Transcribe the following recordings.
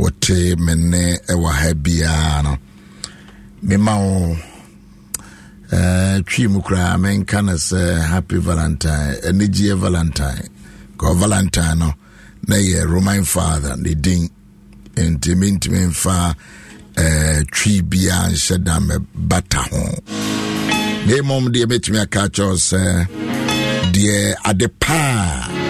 wɔte me ne ɛwɔ ha biara no mema wo eh, twi mu koraa menka no sɛ happy valentine anigyeɛ valentine kɔ valentine no na yɛ roman father ne din nti mentumi mfa eh, twi biara nhyɛ da mɛbata ho na mmom deɛ mɛtumi aka kyɛw sɛ deɛ ade paa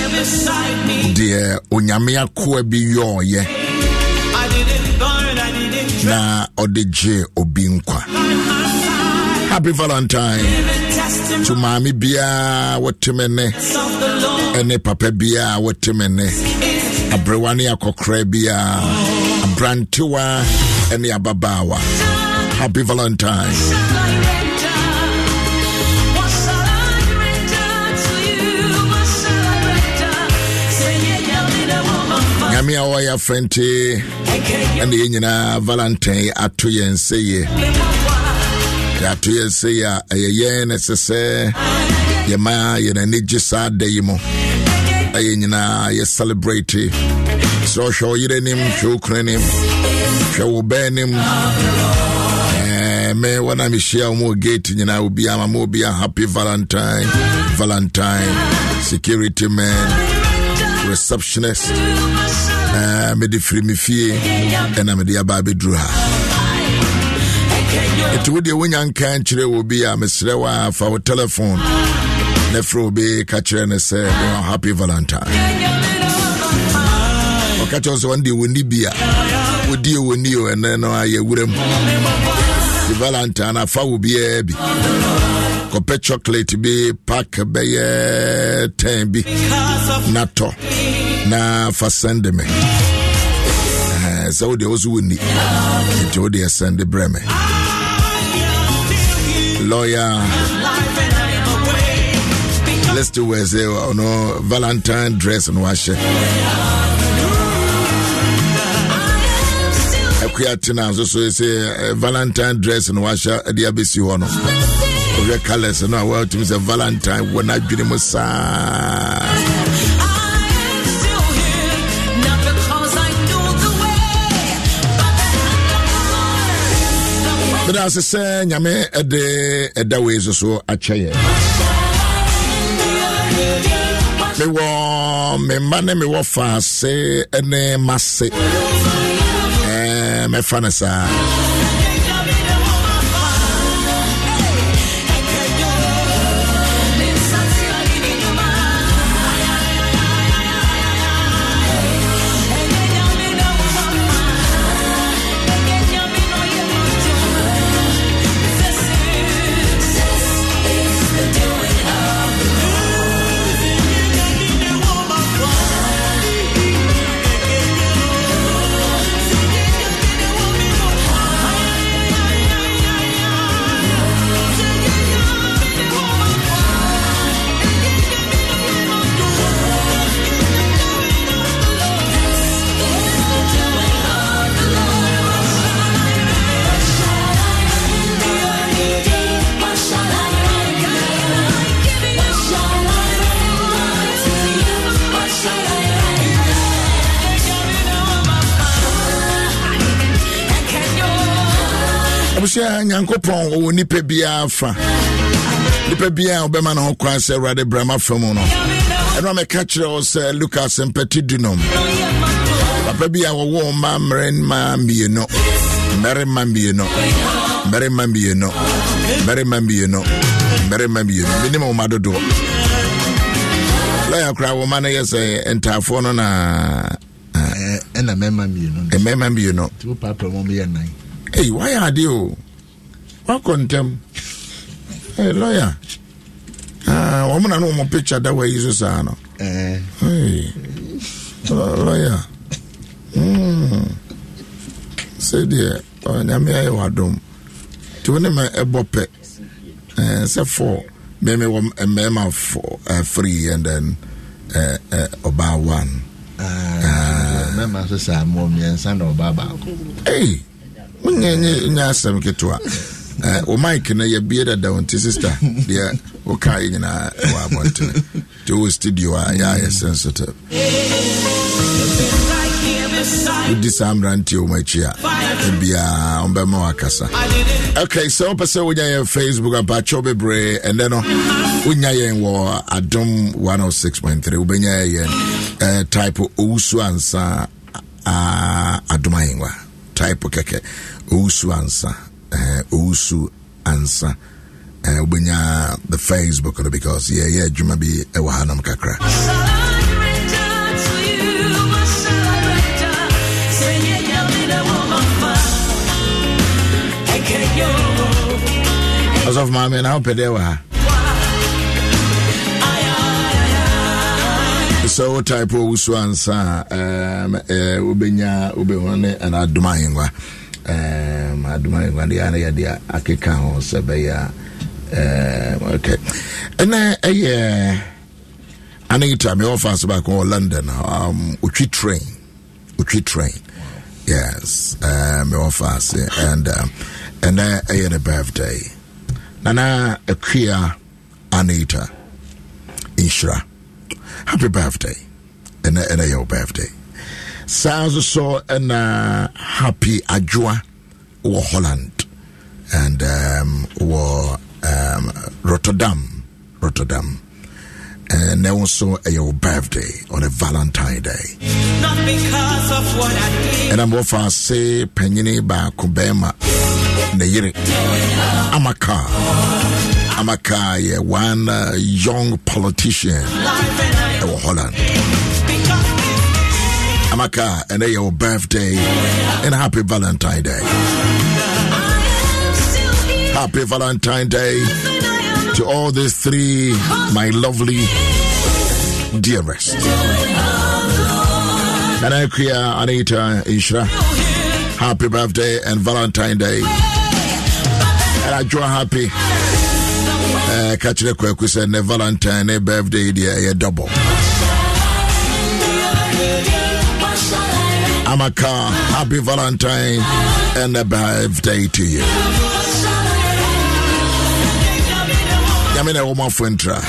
deɛ onyame akoa bi yɔɔyɛ na ɔde gye obi nkwa happy valentine to maame biara wɔteme ne ɛne papa biara wɔteme ne aberewa ne akɔkora biara abrantewa ɛne ababaawa happy valentine nyame a wɔyɛ frɛnte ɛne yɛ nyinaa valentine ato yɛn sɛ yɛ ato yɛn sɛ yɛ a ɛyɛ yɛn na ɛsɛ sɛ yɛma yɛn ani gye saa da yi mu ɛyɛ nyinaa yɛ celebrate sɛ ɔhwɛ wo yere anim hwɛ wo kunu anim hwɛ wo bɛn anim me wɔnam hyia wo ma wɔ gate nyinaa obiama ma obia happy valentine valentine security man receptionist ah, mede firi me fie ɛna mede aba bɛduru ha ɛti wodeɛ wonya nka nkyerɛ wɔ bi a mesrɛ wo fa wo telephone na frɛ obi ka kyerɛ ne sɛ happy valentine ɔka kyerɛ sɛ ɔno deɛ wɔni bi a wɔdie wɔni o ɛnɛ no ayɛ wura mu valentine afa wo biaa bi akɔpɛ chocolate bi pack bɛyɛ ten bi na na fa send me sɛ wodeɛ wo so wonni nti wodeɛ send brɛ me lawyer list to where say valentine dress no wahyɛ nso so sɛ eh, valentine dress no wahyɛ de abɛsi hɔ no wohwɛ colors no a woatumi sɛ valentine wɔ no adwene But as meda ase sɛ nyame ɛde a wei so so akyɛ me mewɔ me mma ne mewɔ faase ne mase mɛfa no saa sɛ nyankopɔn ɔwɔ nipa biara fa nipa biara ɔbɛma ne ho kwan sɛ awurade brama fa mu no ɛno a mɛka kyerɛ wɔ sɛ lukas mpɛte dunom papa bi a wɔwɔ mma mmarima mmienu mmarima mmienu mmarima mmienu mmarima mmienu mmarima mmienu menim woma dodoɔ lɔya koraa woma no yɛ sɛ ntaafoɔ no na ɛna mmarima mmienu mmarima mmienu ɛyi wayɛ ade o wakɔ ntɛm hey, lɔya ah, wɔn mu na no wɔn picture da wɔ yi so saa no lɔya hmm. sɛdeɛ ɔnyame ayɛ wadom nti wo ne ma ɛbɔ pɛ sɛ fɔ mmɛmɛ wɔ mmarima fɔ afiri and then ɔbaa uh, uh, one. Ah, ah. mmarima nso saa mmɔ mmiɛnsa na ɔbaa baako. ee mo nyɛ nyɛ asɛm ketewa. Eh, o mike no yɛbie dada wo nti sister deɛ wokaeɛ nyinaa wɔ abɔntene nti wowɔ studio a yɛayɛ sensitive wodi saa mmeranteɛ wɔ makyi a biaa ɔmbɛma wakasa ok sɛ wopɛ sɛ wonya yɛn facebook apakyɛw bebree ɛnɛ no wonya yɛn wɔ adom 106.3 wobɛnya yɛn uh, type ɔwusu ansa uh, adom ayɛngwa type kɛkɛ ɔwusu ansa Eh, Usu owusu ansa wobɛnya eh, the facebook no because yeah. adwuma bi be a nom kakra ɔsɔfo maame na wopɛ dɛ wɔ ha sɛ wo type ɔwusu ansa a um, wobɛnya eh, wobɛhu ne ɛna adom adoma aguadeɛ na yɛde akeka ho sɛ bɛyɛ a ok ɛyɛ ane baako wɔ london um, otwi train otwi train yes mewɔ um, fans and ɛnɛ ɛyɛ ne birthday nana akua anita nhyira happy birthday ɛnɛ ɛnɛ yɛwo birthday saa so so ɛna happy Ajua, wɔ holland and um, um, rotterdam rotterdam and eh, ɛwo so ɛyɛ birthday on a valentine day And i ɛna mewɔfa ase panyini baako bɛrima ne yere amaka amaka yɛ one uh, young politician ɛwɔ holland Amaka, and your birthday, and happy Valentine Day. Happy Valentine Day to all these three, my lovely dearest. Nanakia Anita Ishra, happy birthday and Valentine Day. And I draw happy. Uh, catch the quick, we said, Valentine, birthday, dear, double. Amaka, happy Valentine and a birthday to you. Yamina Woman Fuentra.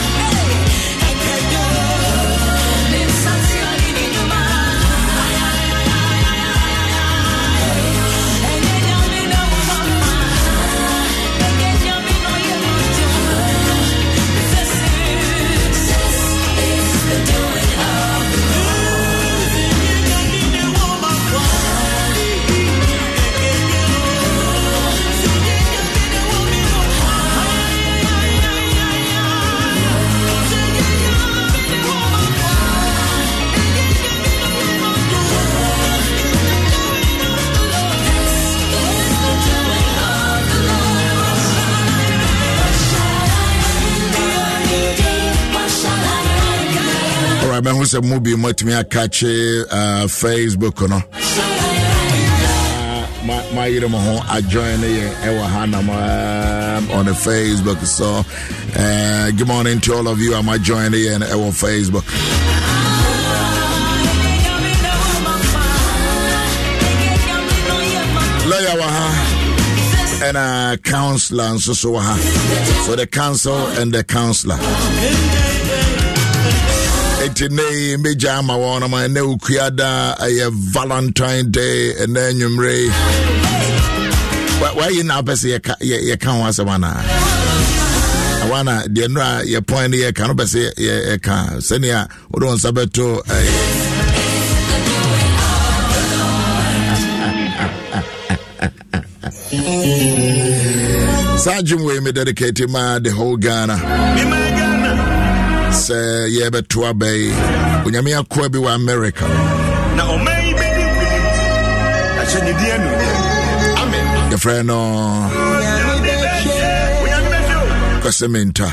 mɛhu sɛ mu bi moatumi akakye uh, facebook no uh, mayere mo ho ajoin no yɛ ɛwɔ ha nam um, on the facebook so uh, good morning to all of you ama join no yɛ ɛwɔ facebook lawyer wɔ ha and a counselor nso so wɔ ha so the council and the counselor. Eti ne meja ama wana ma ne ukuada a Valentine Day and then you mre. Why you now best ye ye can once a wana. Wana the nra ye point ye can best ye can. Senia udon eh. sabeto. Sajum we me dedicate ma the whole Ghana. sɛ yɛbɛtoa bɛyi onyame akoa bi wɔ amerika na ɔman yi bɛdi nkonim ahyɛ ne yɛfrɛ no kwasɛmenta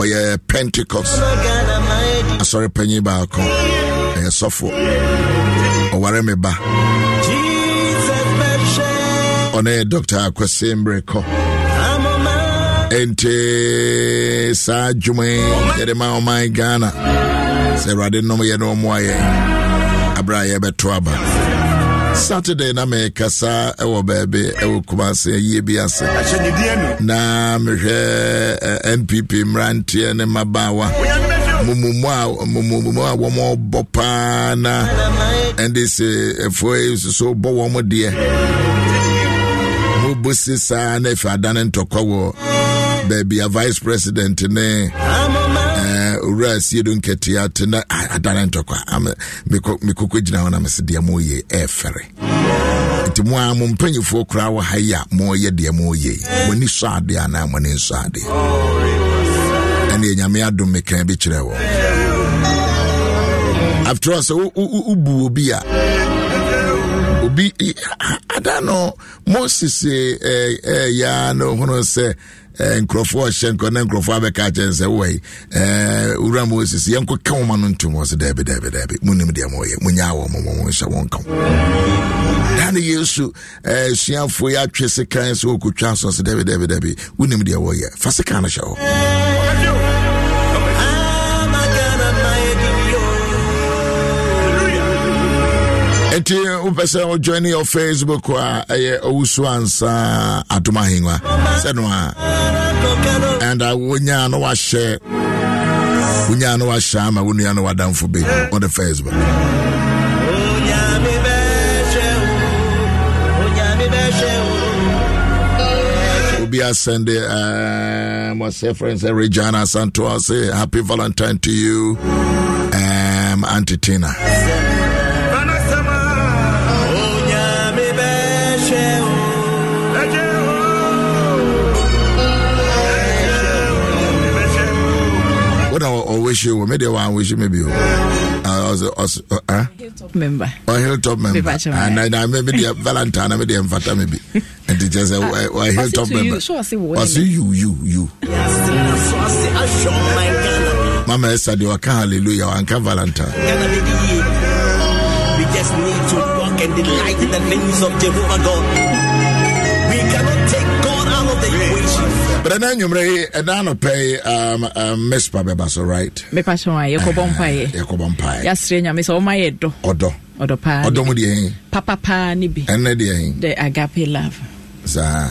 ɔyɛ pentecost asɔre panyi baakɔ ɛyɛ sɔfoɔ ɔware me ba ɔne dr akwasɛmbrɛ kɔ ɛnti saa adwuma yɛde ma ɔman oh ghana sɛ awurade nom yɛ ne ɔmmoa yɛn aberɛ a yɛbɛto aba saturday na mekasa ɛwɔ baabi ɛwɔ kuma ase ayie bi ase na mehwɛ eh, npp mmeranteɛ ne mmabaawa mumumu eh, a a wɔmɔbɔ paa na ndc sɛ ɛfoɔ suso bɔ wɔ m deɛ mobose saa na afi adane ntɔkwa wɔ baabi a vice president ne owura eh, asie do nketea te na adane ntɔkwa mekɔkɔ gyina hɔ na mese deɛ moyɛ ɛɛfɛre nti mo a mo mpanyifoɔ kora wɔ ha yi a moyɛ deɛ moyɛ mo ani sɔ adeɛ oh, anaa mo ani nsɔ adeɛ ɛne nyame adom mekan bi kyerɛ wɔ after all sɛ wobu obi a obi ada no moses eh, eh, eh, ya no hono sɛ Eh, nkurɔfoɔ ɔhyɛ nkɔ na nkurɔfoɔ abɛka kyɛn sɛ wowɔi eh, wura ma ɔsisi yɛnkɔka woma no ntom wɔ sɛ daabi daabi daabi monim deɛ mɔyɛ monyɛ wɔ mɔmɔ monhyɛ wɔnka wo da yesu eh, suafoɔ yɛ atwe sekan sɛ wɔkɔtwa asɔ sɛ daabi daabi daabi wonim deɛ wɔyɛ fa sekan no hyɛ hɔ nti wopɛ sɛ wojoine your facebook a ɛyɛ ɔwusu ansa adom ahengua sɛ no a and uh, no wahyɛ no wahyɛ ama no wadamfo bi on the facebook obiaa sɛnde um, wɔsɛ frɛ sɛ regina santoa say uh, happy valentine to you um, antitina wish you maybe one wish you maybe I was also uh, hilltop member or hilltop member and I maybe the Valentine maybe the Mfata maybe and uh, it just a uh, hilltop member I see you you you Mama Esther de waka hallelujah wanka Valentine we just need to walk and delight in the names of Jehovah God But then you may and pay um um Miss Pabebas, all right? Mepacho, Yacobompai, ah, Yacobompai. Yes, Rena, Miss Omaedo. Odo. Odo Pa. Odo Mudi. Papa Pa Nibi. And the Agape love. Za.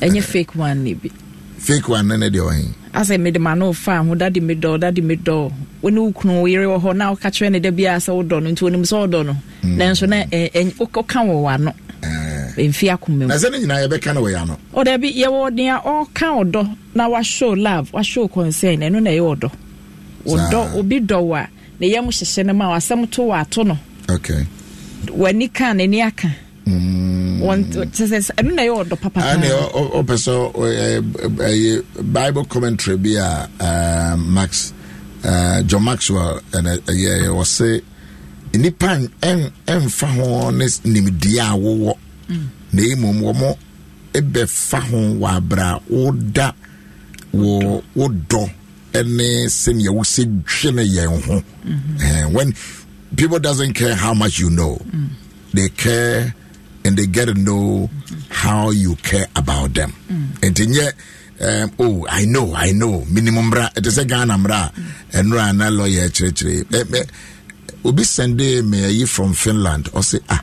Any fake one, Nibi. Fake one, and the asɛ mede ma no fa ho dade medɔ dade medɔ wone wo kunu yere wɔ hɔ na woka kyerɛ ne da biaa sɛ wodɔ no nti wonim sɛ wodɔ no mm. nanso na woka eh, eh, wɔ w'ano mfe akoma mu sɛ ne nyinaa yɛbɛka no wɔyɛ ano ɔdabi yɛwɔ nea ɔka ɔdɔ na wa show love wa show concern ɛno na ɛyɛ ɔdɔ ɔdɔ obi dɔ wo a ne mu hyehyɛ no ma wasɛm to wa ato no w'ani ka ni aka ɛno na ɛyɛ ɔdɔ papa ne ɔpɛ sɛ ɛyɛ bible commentary bi a um, max uh, john maxwell ɛyɛ ɔse nnipa ɛmfa ho ne nimdeɛ a wowɔ na mmom wɔn bɛfa ho wɔ abera woda wɔ wodɔ ɛne sɛnea wosɛ dwene yɛn ho mhm. eh, when people doesn't care how much you know mm. they care and they get to know mm how you care about them mm. nti mm. nyɛ. Um, oh, I know, I know. Minimum bra, it is a Ghana bra, and run a lawyer. Eh, obi send me a from Finland or say, ah,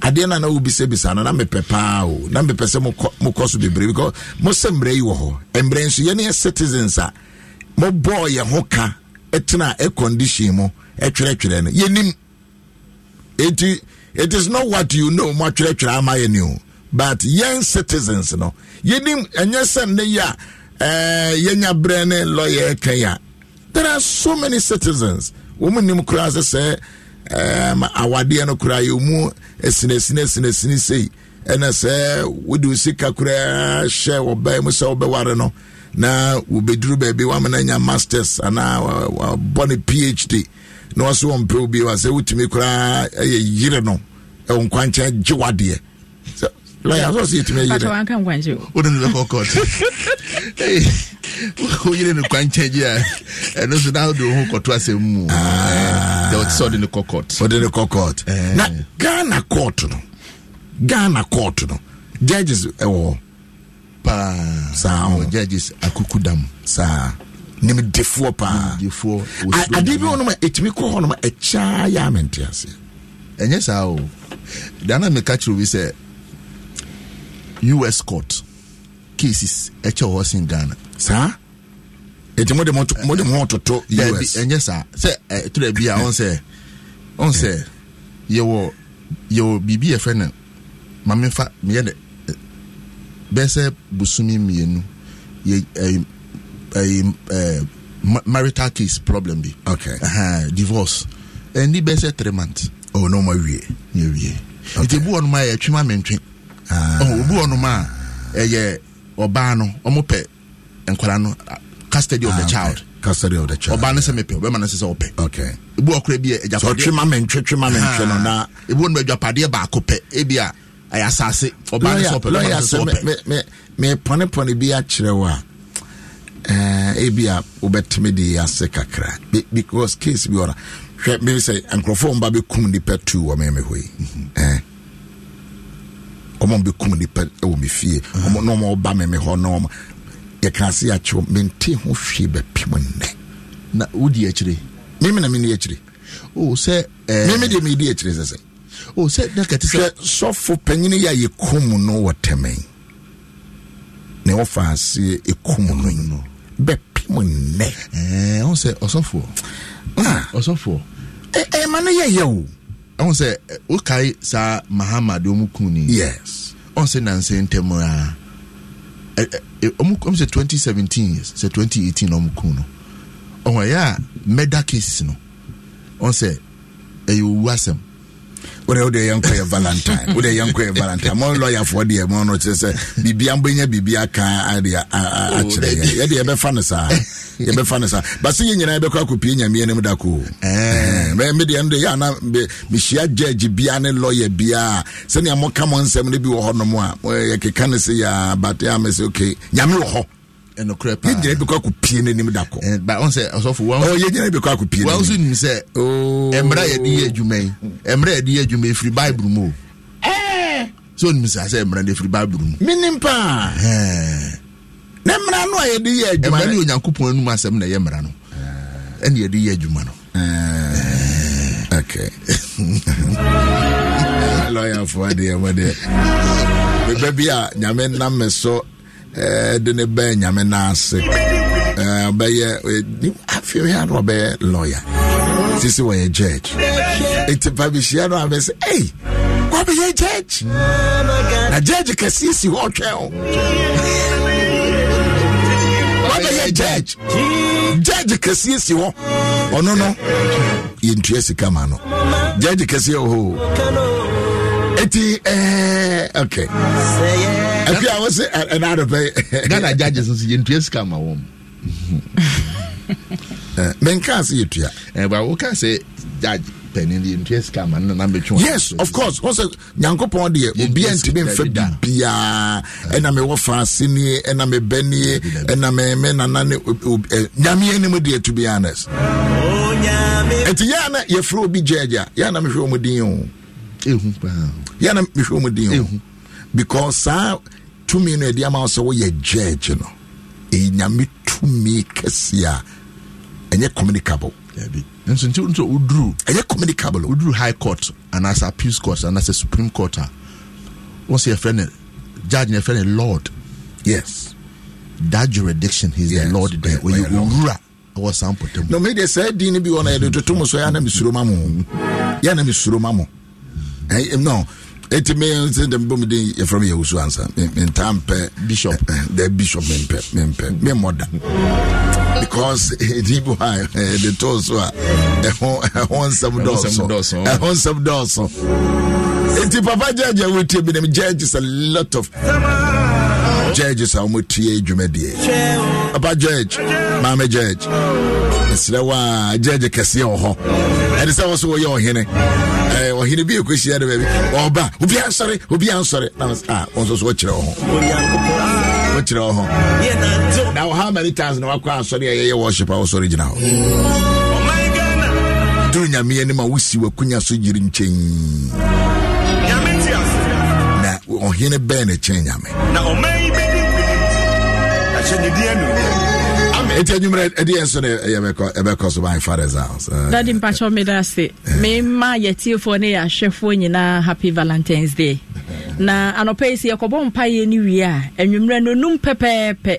adeɛ no na wobisabisa no na mepɛ paa o na mepɛ sɛ mokɔ so bebree because mo sɛ mmerɛ yi wɔ hɔ mmerɛ nso yɛne yɛ citizens a mobɔɔ yɛn ho ka ɛtena ɛcondition mu ɛtwerɛtwerɛ no yɛnim enti it is not what you know mo atwerɛtwerɛ ama yɛ ne o but yɛn citizens no yɛnim ɛnyɛ sɛ nne yi a eh, yɛnya berɛ ne lɔyɛ ɛtwɛn a there are so many citizens wɔn nim koraa sɛ sɛ um, awadeɛ no koraa yɛmu sinesinesinesini sei ɛna sɛ wode wo sika koraa hyɛ ɔbaa mu sɛ wobɛware no na wobɛduru baabi woamana nya masters anaa wabɔ ne phd na wɔso wɔmpɛ wo bioa sɛ wotumi koraa ɛyɛ yere no ɛwo nkwankyɛn gye wadeɛ lọ́yà sọ si ètùmí ẹ̀yẹ dẹ o nínú lọ́kọ̀ kọ́ọ̀tù o yẹrẹ ní kwankyẹ yìí a ẹnu sọ náà ọdún ọhún kọ̀tù àṣẹ mu ẹ ọtí sọ ọdún ní kọ́ kọ́ọ̀tù. ọdún ní kọ́ kọ́ọ̀tù na Ghana kọ́ọ̀tù no Ghana kọ́ọ̀tù no judges ẹ wọ. paa saa ọhún judges akuku dam. saa nimdefoɔ paa nimdefoɔ adeɛ bi wɔ nom a ɛtumi kɔ hɔ nom a ɛkyaa yɛ amɛnte ase. ɛnyɛ saa o oh. dana mi ka kyerɛ obi sɛ us court cases ɛkyɛ wɔ sin ghana. saa eti mo de mo mo de mo toto us. dɛbi ɛnyɛ saa sɛ ɛ bi a ɔn sɛ ɔn sɛ yɛwɔ yɛwɔ biribi yɛ fɛ na maame fa miɛ dɛ bɛsɛ busumi mienu yɛ ɛyim ɛyim ɛɛ marital case problem bi. okay uh-huh, divorce ɛni bɛsɛ three months. Oh, n'o ma wie. yɛ wie. okay eti ebu wɔn ma yɛ twima Ah. obi wɔnom a ɛyɛ ɔbaa no ɔmo pɛ nkwara no ah, custody of the ah, child custody of the child ɔbaa no sɛ mepɛ ɔbɛma no sɛ sɛ ɔpɛ okay ebi wɔ bi yɛ agyapadeɛ so twema mɛntwe twema mɛntwe no na ebi wɔ no baako pɛ ebi a ɛyɛ asase ɔbaa no sɛ ɔpɛ ɔbaa no sɛ ɔpɛ me me me pɔnepɔne bi akyerɛ wo a eh, ebi a wobɛtumi de ase kakra because case bi wɔ na hwɛ mi sɛ nkurɔfoɔ mba bɛ kum nipa tu wɔ mɛmɛ hɔ yi ɛɛ. Mhm. Eh, ɔmo bɛkum nipa wɔ me fie ɔmo na ɔmo ba mɛmɛ hɔ na ɔmo yɛka ase akyerɛw mente ho hwee bɛpem nnɛ na o wodi akyire mimi na meni akyire o sɛ ɛɛ eh, mimi deɛ medi akyire sɛ sɛ o sɛ na kɛtɛ sɛ sɔfo panyin yi a yɛkum no wɔ tɛmɛn na wɔfa ase ekum no yi no bɛpem nnɛ ɛɛ ɔn sɛ ɔsɔfo ah. ɔsɔfo ɛɛ eh, ɛma eh, no yɛ yɛ o ɛho sɛ eh, wokae saa mahama de ɔmu ku ni yes ɔn sɛ nansɛ ntɛm a eh, eh, ɔmu sɛ 2017 sɛ 2018 na ɔmu ku no ɔhɔ ɛyɛ a mɛda cases no ɔn sɛ ɛyɛ owu asɛm wode wode yɛnkɔ yɛ valentine wode yɛnkɔ yɛ valentine mo lɔyafoɔ deɛ mo no kyerɛ sɛ biribia mbɛnya biribia ka ade akyerɛ yɛ yɛde yɛbɛfa no saa yɛbɛfa no saa ba sɛ yɛ nyinaa yɛbɛkɔ akɔpie nyameɛ anim da koo medeɛ no de yɛ ana mehyia gyagye bia ne lɔya bia a sɛnea moka mo nsɛm no bi wɔ hɔ nom a yɛkeka no sɛ yɛa bate a mɛ sɛ okay nyame wɔ hɔ ɛnɔkorɛ paa yɛgyina bi kɔ akɔ pie n'anim da kɔ. ba ɔn sɛ ɔsɔfo wɔn. ɔ yɛgyina bi kɔ akɔ pie n'anim. wɔn nso nim sɛ. ooo oh. ɛmira yɛde yɛ adwuma yi ɛmira yɛde yɛ adwuma yi firi baibulu mu o. ɛɛ. so nim sɛ asɛ ɛmira de firi baibulu mu. mi ni paa. ɛɛ. ne mira no a yɛde yɛ adwuma. ɛmira ni onyankopɔn anum asɛm na ɛyɛ mira no ɛna yɛde yɛ adwuma no. ɛɛ okay. lɔya fo adeɛ mo deɛ bɛbɛ bi a nyame nam so Eh, de ne bɛɛ nyame n'ase eh, ɔbɛyɛ afei ha no ɔbɛyɛ lɔya sisi wɔyɛ judge nti pabihyia no abɛ sɛ ei wabɛyɛ judge na judge kɛseɛ si hɔ twɛn wabɛyɛ judge judge kɛseɛ si hɔ ɔno no yɛntua sika ma no judge kɛseɛ wɔ eti eh, Okay, ok ɛfi awɔ se ɛna dɔ ghana judges nso yɛ ntua sika ma wɔn. mɛ nka ase yɛ tua. ɛ ba o ka judge pɛni the interest come and number bɛ yes of course wɔn sɛ nyankopɔn deɛ obi a ntumi nfɛ bibiaa ɛna ah. mɛ wɔ faase nie ɛna mɛ a nie ɛna mɛ a man. ne eh, nyamea a mu deɛ to be honest. Oh, eti yɛ ana yɛ fura obi gyɛgya yɛ ana mɛ hwɛ wɔn din ehu paa yɛn na mehwɛ mu den o because saa tumi no ɛde ama sɛ woyɛ judge no ɛnyame tumi kɛse a ɛnyɛ communicable nso nti nso oduru ɛyɛ communicable oduru high court anaasɛ appeals court anaasɛ supreme court a wɔn sɛ yɛfrɛ no judge na yɛfrɛ no lord yes that jurisdiction he is yes. the lord there oyɛ owura ɛwɔ saa mpɔtamu. na mi bi wɔ na yɛde toto so yɛ anam isuro ma yɛ anam isuro ma Eh, no ɛti mesɛ dɛ mbɔ mu den from me yɛwosu ansa mentaa mpɛ bishop eh, eh, the bishop mempɛ mempɛ memmɔ da because ɛdi bo a de too so a ɛho nsɛm dɔɔso ɛho nsɛm dɔɔso ɛnti papa judge gyagya wotie bi Judge is a lot of judge sɛ wɔmɔtie dwumadie aba judge maame judge ɛsrɛ wo judge kɛseɛ wɔ hɔ ɛne sɛ wo so wɔyɛ ɔhene ɔhene bi ɛkɔhyia de baabi ɔba obi ansɔre obi ansɔre wo nso so wɔkyerɛ wɔ ho wɔkyerɛ wɔ ho na how many times na woakɔ asɔre a yɛyɛ worship a wosɔre gyina hɔ duru nyame anim a wosi w'akonya so yiri nkyɛn ɔhene bɛn ne kyɛn nyame. na ɔman yi bɛ di ɛbɛkɔ so my father's house. Eh, dadi mpatsɔ mi da se eh. mi ma yɛtiefoɔ ne yɛahwɛfoɔ nyinaa happy valentines day na anɔpɛ yi si yɛkɔbɔ mpa yɛ ni wie a enyimire no num pɛpɛɛpɛ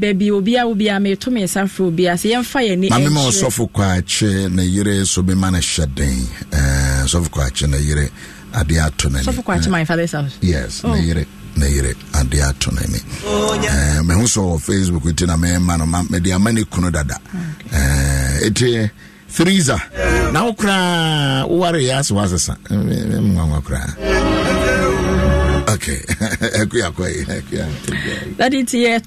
baabi obia obia meto me nsa fro obia sɛ yɛmfa yɛne mame ma ɔsɔfo kɔ akye ne yere so bɛma no hyɛ den eh, sɔfo kɔ akye ne yere ade ato n'ani yes ne yere ne ade ato n'ani mehu sɛ wɔ facebook ti na mema no mede ama ne kunu dada ɛti threesa na wo koraa wowareyɛ ase woasesa mwawa koraa okay akuya kwai akuya that it year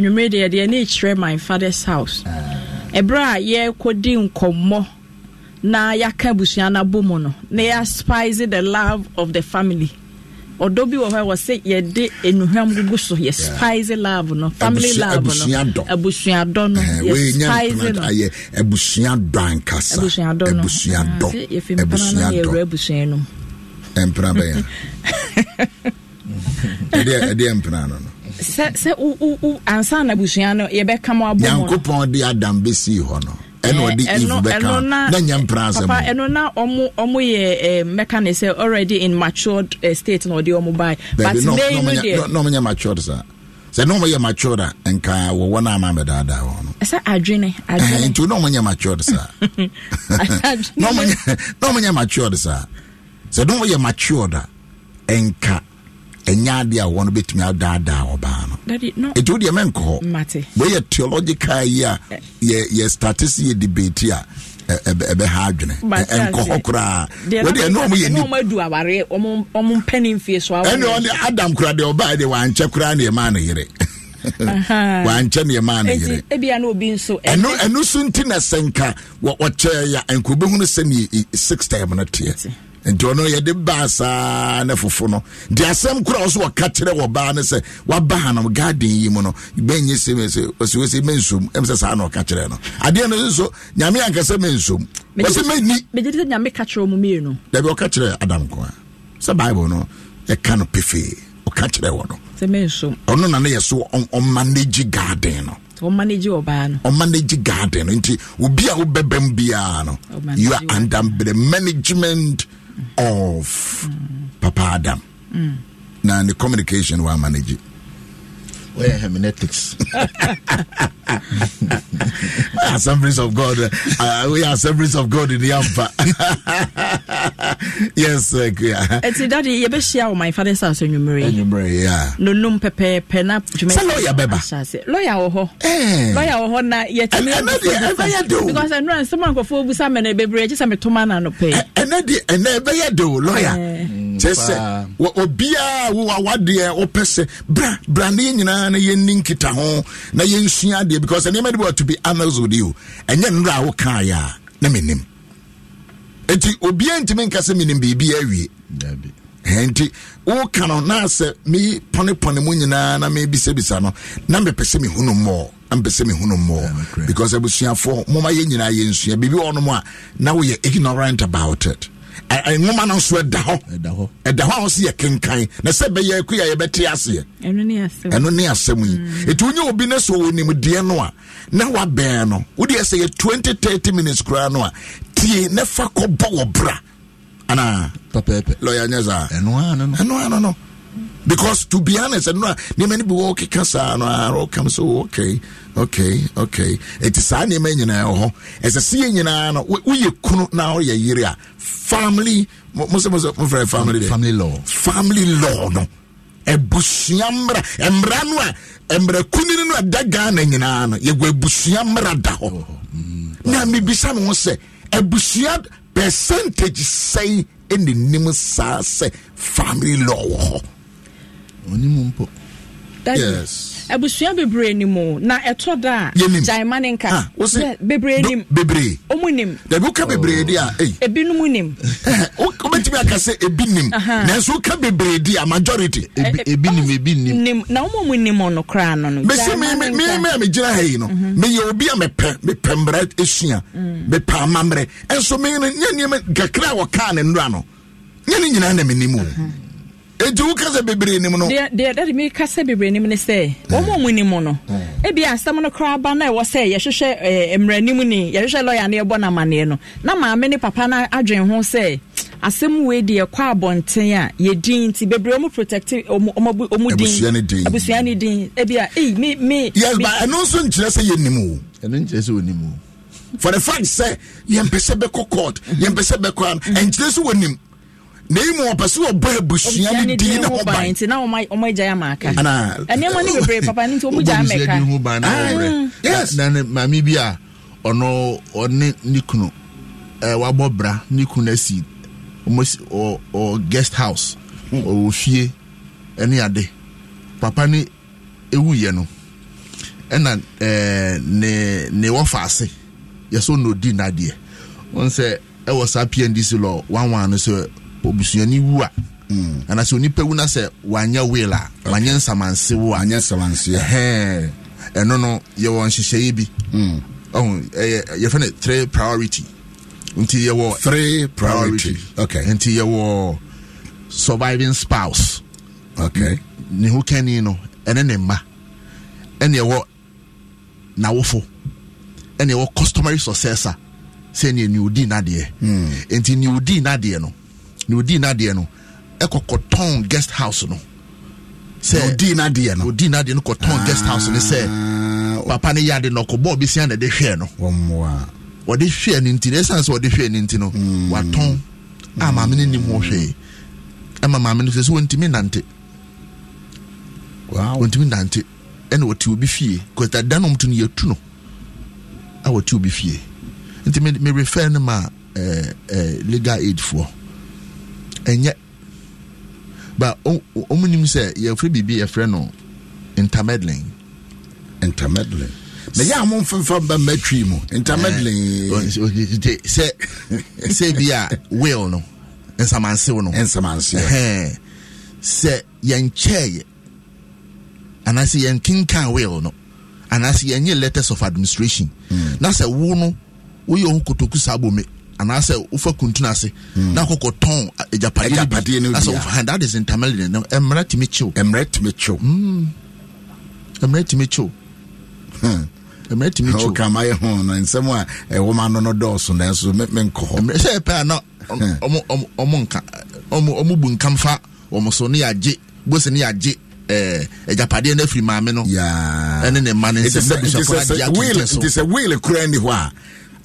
nwumere deɛ deɛ ne kyerɛ my father's house ɛberɛ a yɛkɔdi ah. eh, nkɔmmɔ na yɛaka abusua no abɔ mu no na yɛaspise the love of the family ɔdɔ bi wɔ hɔ wɔ sɛ yɛde enuhwam gugu so yɛ spice love no family love no abusua dɔ no eh, yɛ spice no ayɛ abusua dɔ ankasa abusua dɔ no abusua dɔ ah, abusua dɔ abusua no mpena bɛyɛ ɛdeɛ ɛdeɛ mpena no no sɛ sɛ wo wo ansa na abusua no yɛbɛka mo abɔ mu no yankopɔn de adam bɛsii hɔ no ɛna ɔde eve bɛka na nya mpra asɛm papa ɛno na ɔmo ɔmo yɛ mmɛka sɛ already in matured uh, state na ɔde ɔmo bae but mei no deɛ na ɔmo nyɛ matured saa sɛ na ɔmo yɛ matured a nka wɔwɔ no ama mɛdaadaa wɔ no ɛsɛ adwene adwene nti na ɔmo nyɛ matured saa na ɔmo nyɛ matured saa sɛ na ɔmo yɛ matured a nka ɛnyɛ adeɛ a wɔn bɛtumi adaadaa ɔbaa no ɛti wo deɛ mɛnkɔ hɔ wɔyɛ theological yi a eh. yɛ statis yɛ debate a ɛbɛha adwene ɛnkɔ hɔ koraa wɔde ɛno ɔmo yɛ niɛne ɔne adam kora deɛ ɔbaa deɛ wankyɛ koraa ne ɛmaa no yere wankyɛ nneɛma no yere so nti na sɛ nka wɔkyɛɛ yɛ ankobɛhunu sɛne six time no teɛ nti ɔno yɛde baa saa ne fofo no de asɛm kora wo so wɔka kyerɛ wɔ baa no sɛ waba hanam garden yi mu no bɛnyɛ sɛ ɔsiwɛsɛ mensom ɛm sɛ saa na ɔka kyerɛ no adeɛ no nso nyame anka sɛ mensom wɔsɛ mɛni ɔka kyerɛ adam nko a sɛ bible no ɛka no pefee ɔka kyerɛ wɔ no ɔno na ne yɛ so ɔmanage garden no ɔmanage garden no nti obi a wobɛbɛm biara no you are under the management of Papa Adam. Now the communication are manage. wɔyɛ hermeneutics assemblies of god uh, we are assemblies of god in yampa yes ɛti dade yɛbɛhyia wɔ my father's house anwummerɛ nonom pɛpɛɛpɛ na dwumasɛ lɔya bɛba lɔya wɔ hɔ lɔya wɔ hɔ na yɛtumi because ɛnora nsɛm a nkɔfoɔ bu sa mɛ no bebree agye sɛ metoma na anɔpɛ ɛnɛ deɛ ɛnɛ ɛbɛyɛ de o lɔya kyɛ sɛ obiaa wowawadeɛ wopɛ sɛ bra bra ne yɛ nyinaa na yɛnni nkita ho na yɛnsua adeɛ because nneɛma de bɛwato bi anas with you ɛnyɛ nnora a wokaeɛ a na menim enti obiaa ntumi nka sɛ menim biribiaa awie nti woka no na sɛ me pɔnepɔne mu nyinaa na mebisabisa no na mepɛ sɛ mehunu mmɔɔ ampɛ sɛ mehunu mmɔɔ because abusuafoɔ moma yɛ nyinaa yɛnsua biribi wɔ no mu a na woyɛ ignorant about it nwoma no nso ɛda hɔ ɛda hɔ a ho sɛ yɛ kenkan na sɛ bɛyɛ aku a yɛbɛte aseɛ ɛno ne asɛm yi ɛti mm. wonyɛ obi no sɛ ɔwɔnimdeɛ no a na wabɛn no wodeɛ sɛ yɛ 20 30 minutes koraa no a tie na fa kɔbɔ wɔ bra anaa lɔyɛ nyɛ saa ɛno a no because to be honest ɛno no bi wɔ keka saa no ara wɔkam so okay okay okay ɛti saa nneɛma nyinaa wɔ hɔ ɛsɛ sɛ yɛ nyinaa no woyɛ kunu na woyɛ yere a family most of mo sɛ mofrɛ family de family law family law no a mmara mmara no a mmara kunini no a da ghana nyinaa no You abusua mmara da ho. Now na mebisa me ho a abusua percentage sɛi ɛne nim saa sɛ family law Onimumpo. mpo yes abusua bebree ni mu na ɛtɔ da a gyaema ne nka ah, bebree nim bebree ɔmu nim dabi woka bebree di a oh. ei ebinom nim wobɛtumi aka sɛ ebi nim nanso woka bebree di a majority ebi eh, eh, nim ebi nim nim na wɔn mu nim ɔno koraa no no bɛsi mi mi mi a megyina ha yi no mhm. meyɛ obi a mepɛ mepɛ mbrɛ esua mm. mepɛ amammerɛ ɛnso mi ni nyɛ nneɛma kakra a wɔkaa ne nnura no nyɛ ni nyinaa na mi ni o eti wo kasa bebree nim no. deɛ deɛ dade mi kasa bebree nim ni sɛ hmm. wɔn a wɔn nim no hmm. ebi asɛm no koraa ba na ɛwɔ sɛ yɛhwehwɛ ɛɛ eh, mmeranim ni yɛhwehwɛ lɔya ne ɛbɔ n'amaneɛ no na maame ne papa na adwene ho sɛ asɛm wei deɛ kɔ abɔnten a yɛ din nti bebree wɔn protect wɔn wɔn wɔn din abusua ne din abusua ne din ebi a eyi mi mi. yes ba ɛno nso nkyerɛ sɛ yɛ nim o. ɛno nkyerɛ sɛ o nim for the fact sɛ yɛn pɛ sɛ bɛkɔ court yɛn pɛ sɛ bɛkɔ ano ɛnkyerɛ sɛ wɔ nim na emu ɔpɛ sɛ ɔbɔ abusua no din na ɔban nti na ɔma ɔma gya ama aka ana ɛnneɛma no bebree papa ne nti ɔmu gya ama ka ho ban na ah, yes na ne maame bi a ɔno ɔne ne kunu ɛɛ wabɔ bra ne kunu asi almost ɔ ɔ guest house hmm. ɔwɔ fie ɛne ade papa ni ewu yɛ no ɛna ɛɛ ne ne wɔfa ase yɛ so na odi n'adeɛ wɔn sɛ ɛwɔ saa pndc law one no sɛ obusuani wu a mm. anaasɛ onipa wu na sɛ wanyɛ will a wanyɛ nsamanse wo a anyɛ nsamanse ɛhɛn ɛno no yɛwɔ nhyehyɛeɛ bi mm. ɔhun ɛyɛ yɛfɛ no three priority nti yɛwɔ three priority okay nti yɛwɔ surviving spouse okay ne ho kɛni no ɛne ne mma ɛne ɛwɔ n'awofo ɛne ɛwɔ customary successor sɛ ne ne odi n'adeɛ mm. nti ne odi n'adeɛ no na odi n'adeɛ no ɛkɔ kɔtɔn guest house no sɛ odi n'adeɛ no odi n'adeɛ no kɔtɔn ah, guest house no sɛ papa ne yaade na ɔkɔ bɔɔl bi si ana ɛde hwɛ no wɔde hwɛ ne nti na sɛ wɔde hwɛ ne nti no hmm. watɔn a maame ne nim wɔ hwɛ ɛma maame no sɛ sɛ wɔntumi nante wɔntumi nante ɛna wɔte obi fie kɔta dan no to no yɛtu no a wɔte obi fie nti me refer no ma eh, eh, legal aid foɔ ɛnyɛ but ɔmu nim sɛ yɛfrɛ biribi yɛfrɛ no intermeddling intermeddling na yɛ a mo mfemfa ba matwi mu intermeddling sɛ sɛ bi a will no nsamansew no nsamansew sɛ yɛnkyɛɛ anaasɛ yɛnkenkan will no anaasɛ yɛnyɛ letters of administration na sɛ wo no woyɛ wo kotoku saa bome anaasɛ wofa kuntun ase hmm. na akɔkɔ tɔn agyapadeɛ no bi asɛ wofa hand that is intermelody no mmerɛ tumi kyew mmerɛ tumi kyew mmerɛ tumi kyew mmerɛ tumi kyew kama yɛ ho no nsɛm a ɛwɔ ma no no dɔɔso nanso menkɔ hɔ mmerɛ sɛ ɛpɛ a na hmm. ɔmo nka ɔmo bu nkam fa ɔmo so ne yɛagye bose ne yɛagye eh, agyapadeɛ no afiri maame no ɛne ne mma no nsɛm na abusuafoɔ agye atonto so nti sɛ wheel kura ni hɔ a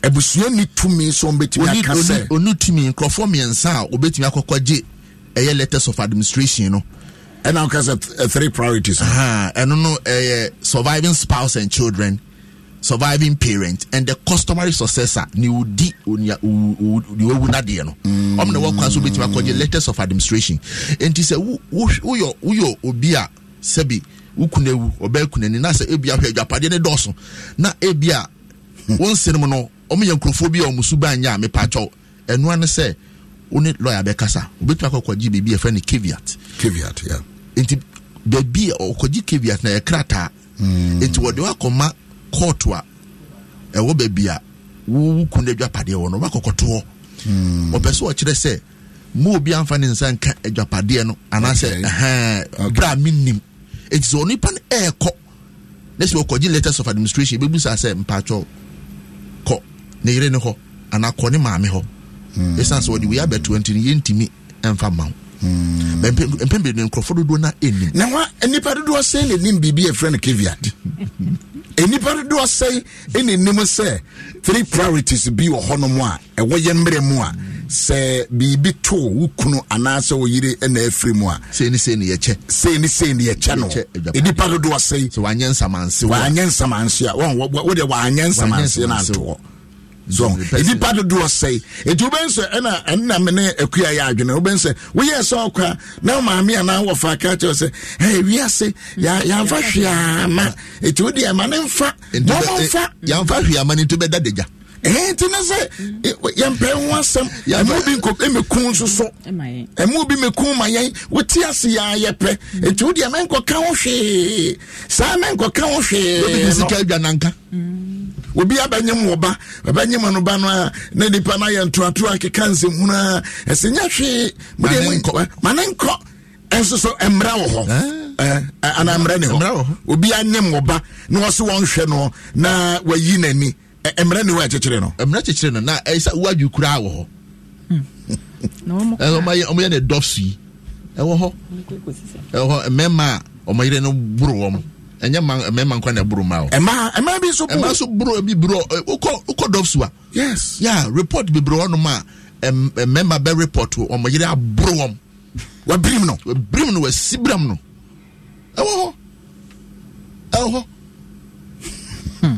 ebusuani tumi nso obetumi aka sɛ onu tumi nkurɔfoɔ mmiɛnsa a obetumi akɔkɔ gye ɛyɛ letters of administration no. ɛna nka eh, three priorities. ɛno no ɛyɛ surviving spouse and children surviving parents and the customary successor ni o di ni o wu nadeɛ no ɔmu na wɔn kwan so obetumi akɔgye letters of administration nti sɛ wo woyɔ woyɔ obi a sɛbi wokuna ɔbɛn kuna ni na sɛ ebi ahwɛ adwapadeɛ ne dɔɔso na ebi a wɔn nsɛm no ɔmo yɛ nkurɔfoɔ bi a ɔmo su ban nyɛ a mepatwɔ ɛnua ne sɛ wone lɔya bɛkasa obɛtumi akɔkɔgye biribi yɛfrɛ no caviat caviat yeah. nti baabi a ɔkɔgye caviat na yɛkrataa mm. nti wɔde wakɔma kɔɔto a ɛwɔ baabi a wowu kun no adwapadeɛ wɔ no wɔbɛkɔkɔtoɔ hmm. ɔpɛ sɛ ɔkyerɛ sɛ ma obi amfa ne nsa nka adwapadeɛ no anaasɛ berɛ a mennim ɛnti sɛ ɔnipa no ɛɛkɔ na sɛ wɔkɔgye letters of administration bɛbu saa sɛ mpatwɔ ne yere ne hɔ anaa kɔ ne maame hɔ ɛsiane hmm. sɛ wɔde wei abɛtoa nti no yɛntumi ɛmfa ma wo hmm. mpɛn bebree nkurɔfoɔ dodoɔ na ɛnim na wa nnipa dodoɔ sɛn na ɛnim biribi yɛfrɛ no caviat nnipa dodoɔ sɛn ɛna ɛnim sɛ three priorities bi wɔ hɔnom a ɛwɔ yɛ mmerɛ mu a sɛ biribi to wo kunu anaasɛ wo yere ɛna afiri mu a sei ne yɛkyɛ sei ne yɛkyɛ no nnipa dodoɔ sɛn wanyɛ nsamanseɛ wanyɛ nsamanseɛ wode wanyɛ nsamanseɛ no antoɔ zone nnipa dodoɔ sɛe nti wobɛnsɛ ɛna ɛnna me ne akua yɛ adwene wobɛnsɛ woyɛ sɛ ɔkora na maame anaa wɔfa ka kyerɛ sɛ ɛ wiase yɛamfa hweama ɛti wode ɛma ne mfa na ɔmamfa e, yɛamfa hweama no nto bɛda dagya nti eh, ne sɛ yɛmpɛ ho asɛm ɛmu bi mɛku nso so ɛmu bi mɛku ma yɛn wote ase yɛa yɛpɛ ɛnti mm. wodeɛ mɛnkɔka ho hwee saa mɛnkɔka ho hwee obi abɛnyem mm. wɔ ba ɔbɛnyem no ba no a na nipa no ayɛ ntoatoa keka nsɛmhunu a ɛsɛ nya hwee mode nkɔ ɛnso so ah. eh, eh, mmra wɔ hɔ anammerɛ ne hɔ obi anyem wɔ ba na wɔse wɔnhwɛ no na wayi n'ani mmerɛ ne wɔ akyekyere no mmerɛ kyekyere no na ɛsɛ woadwe kuraa wɔ hɔ hmm. ɔmayɛ ne dɔfso yi ɛwɔ hɔ ɛwɔ hɔ mmarima a ɔmayere no boro wɔ m ɛnyɛ ma mmarima nkwa na ɛboro ma wo. ɛmaa ɛmaa bi so boro ɛmaa so boro bi boro wokɔ wokɔ dɔfso a yes Ya report bebree hɔnom a mmarima bɛ report ɔmayere aboro wɔm wabirim no wabirim no wasibiram no ɛwɔ hɔ ɛwɔ hɔ hmm.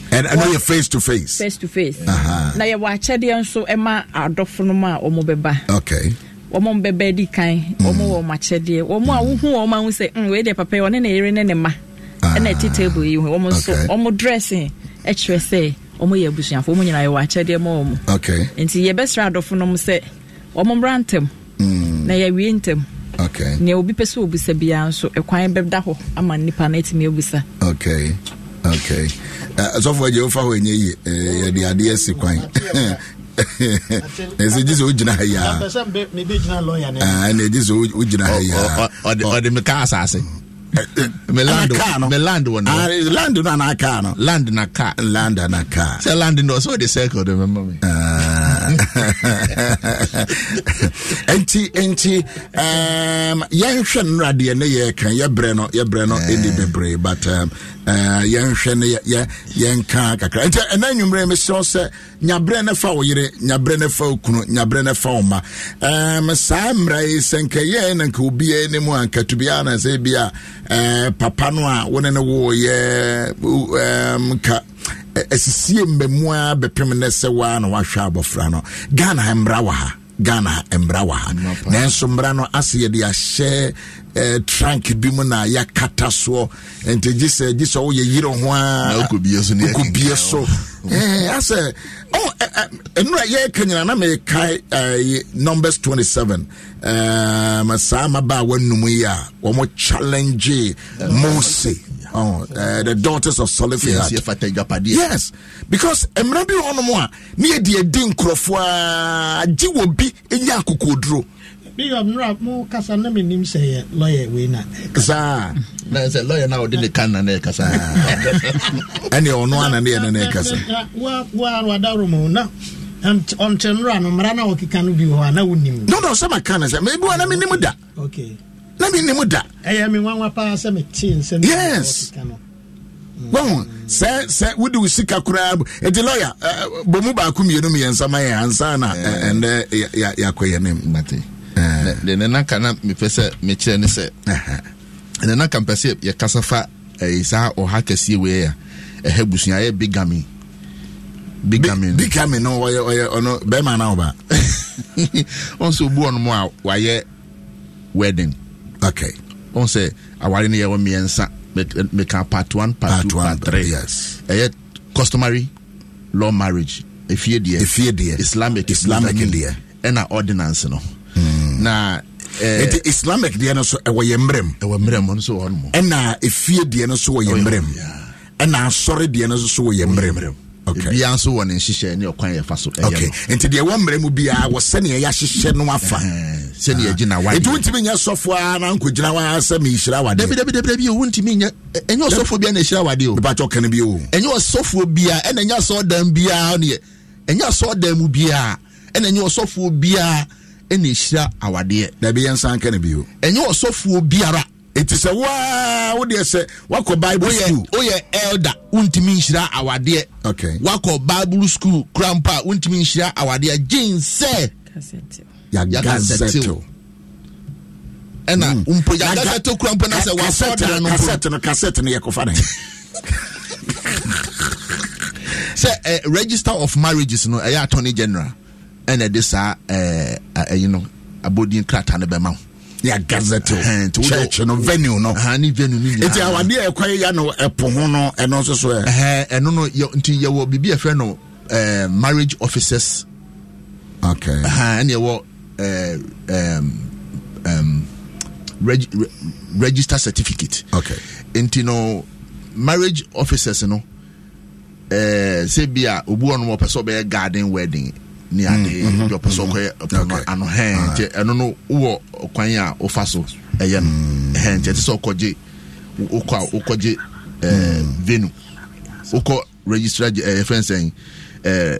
and I know you're face to face. Face to face. Uh-huh. Na yɛ wɔ akyɛdeɛ nso ɛma adɔfo no ma a wɔn Okay. wɔn bɛbɛ di kan mm. wɔn wɔ wɔn akyɛdeɛ wɔn a wohu wɔn a wosɛ mm wei deɛ papa yi ɔne ne yere ne ne ma ah. ɛna ɛte table yi wɔn nso wɔn dressing ɛkyerɛ sɛ wɔn yɛ abusuafo wɔn nyinaa yɛ wɔ akyɛdeɛ ma wɔn. Okay. Nti yɛbɛsrɛ adɔfo no sɛ wɔn mmra ntɛm. Mm. Na yɛwie ntɛm. Okay. Nea obi pɛ sɛ obisa biara nso ɛkwan bɛda ho ama nipa na etimi ebusa. okay okay asɔfo agye wofa hɔ ɛnyɛ yie yɛde adeɛ si kwan na ɛsɛ gye sɛ wogyina ha yiaa na ɛgye sɛ wogyina ha yiaa ɔde meka asase land wɔ land no anaa kaa no land na kaa land na kaa sɛ land no ɔsɛ wode circle de mɛma me nti nti um, yɛnhwɛ no radeɛ ne yɛka yɛbrɛ no yɛbrɛ no ɛdi eh. bebree but um, uh, yɛnhwɛ no yɛnka kakra nti ɛna nnwummerɛ mesrɛ wo sɛ nyaberɛ no fa wo yere nyaberɛ no fa wo kunu nyaberɛ no fa wo ma um, saa mmara yi sɛ nka na nka obiaa no mu a nka na sɛ bi a uh, papa no a wo ne ne woyɛ nka asisie mmamua bɛpem ne sɛ waa na wahwɛ abɔfra no ghana mmra wɔ ha ghana mmra wɔ ha nanso mmra no ase yɛde ahyɛ eh, trank bi mu na yɛakata soɔ nti gye sɛ gye sɛ woyɛ yere ho a wokɔbie so eh, asɛ oh nnura yɛ ka nyina na mekae eh, numbers 27 um, eh, saa mmabaawa nnum yi a wɔn challenge eh, mose oh, uh, the daughters of solifihad yes, yes because mmerɛ bi wɔ hɔnom a krofwa yɛde adi nkurɔfoɔ bishop nura mo kasa na mi nim sɛ yɛ lɔya wei na. saa na sɛ lɔya na ɔde ne kan na ne kasa ɛni ɔno ana ne yɛ na ne kasa. wa wa wa mu na ɔntɛ nura no mara na ɔkeka no bi hɔ a na dɔdɔ sɛ kan na sɛ mɛ ebi wa na mi nim da. okay. na mi nim da. ɛyɛ mi nwanwa paa sɛ mi ti nsɛm. yes wọn sɛ sɛ wodi wo sika koraa eti lɔya bɔn mu baako mmienu mmiɛnsa ma yɛ ansa na ɛnɛ yakɔ yɛ ne mu deɛ ne naka na mepɛ sɛ mekyerɛ ne sɛ ne naka mpɛ sɛ yɛkasa fa saa ɔha kɛseɛ wei a ɛha busua ayɛ bigami bigami bigami no ɔyɛ ɔyɛ ɔno bɛrima na ɔba wɔn sɛ obu ɔnom a wayɛ wedding okay wɔn sɛ awari no yɛ wɔ mmiɛnsa meka part one part two part three yes ɛyɛ customary law marriage efie deɛ efie deɛ islamic islamic deɛ ɛna ordinance no na eh, nti islamic deɛ no so ɛwɔ yɛ mmerɛm ɛwɔ mmerɛm ɔno so wɔn mu ɛna efie deɛ no so wɔ yɛ mmerɛm ɛna asɔre deɛ no so wɔ yɛ mmerɛm ebia nso wɔ ne nhyehyɛ ne ɔkwan yɛfa so ɛyɛ no nti deɛ ɛwɔ mmerɛ mu biara wɔ sɛnea yɛahyehyɛ no afa sɛnea ɛgyina ah. wadeɛ nti wontumi nyɛ sɔfo a na nkogyina wa sɛ mehyira wadeɛ dabi dabi dabi o wontumi nyɛ ɛnyɛ ɔsɔfo bia na ɛhyira wadeɛ o bɛbatɔ kan bi o ɛnyɛ ɔsɔfo bia ɛna ɛnyɛ asɔɔdan bia ɛnyɛ asɔɔdan mu bia ɛna ɛnyɛ ɔsɔfo bia ɛna ɛhyira awadeɛ dabi yɛn nsa nka ne bio ɛnyɛ ɔsɔfoɔ biara ɛti sɛ woa wodeɛ sɛ woakɔ bible woyɛ, school woyɛ elder wontumi nhyira awadeɛ okay. woakɔ bible school krampa a nhyira awadeɛ gyen sɛ yagazetew ɛna mm. mpo yagazetew krampa na sɛ wasɔdara no kasɛte no kasɛte no yɛkɔfa ne sɛ uh, register of marriages no ɛyɛ attorney general ɛna ɛde saa ɛɛ ɛyi no abodin krataa no bɛma wo. yà gazette o church no venue no. ni venue ni nyinaa. eti awadeɛ ɛkɔ ya no ɛpo ho no ɛno nso so yɛ. ɛno no yɛ nti yɛwɔ bibi ɛfɛ no ɛɛ marriage officers. okay. ɛhɛn ɛna yɛwɔ ɛɛ ɛɛm reg re register certificate. okay. nti no marriage officers no ɛɛ sebi a obu ɔnom ɔpɛ sɛ ɔbɛyɛ garden wedding ne ade bi ɔpɛ sɛ ɔkɔyɛ ɔpono ano hɛn nti ɛno no wowɔ mm. kwan a wofa so ɛyɛ no hɛn nti ɛte sɛ ɔkɔgye wokɔ a ɛɛ venue wokɔ registrar ɛɛ fɛn sɛn ɛɛ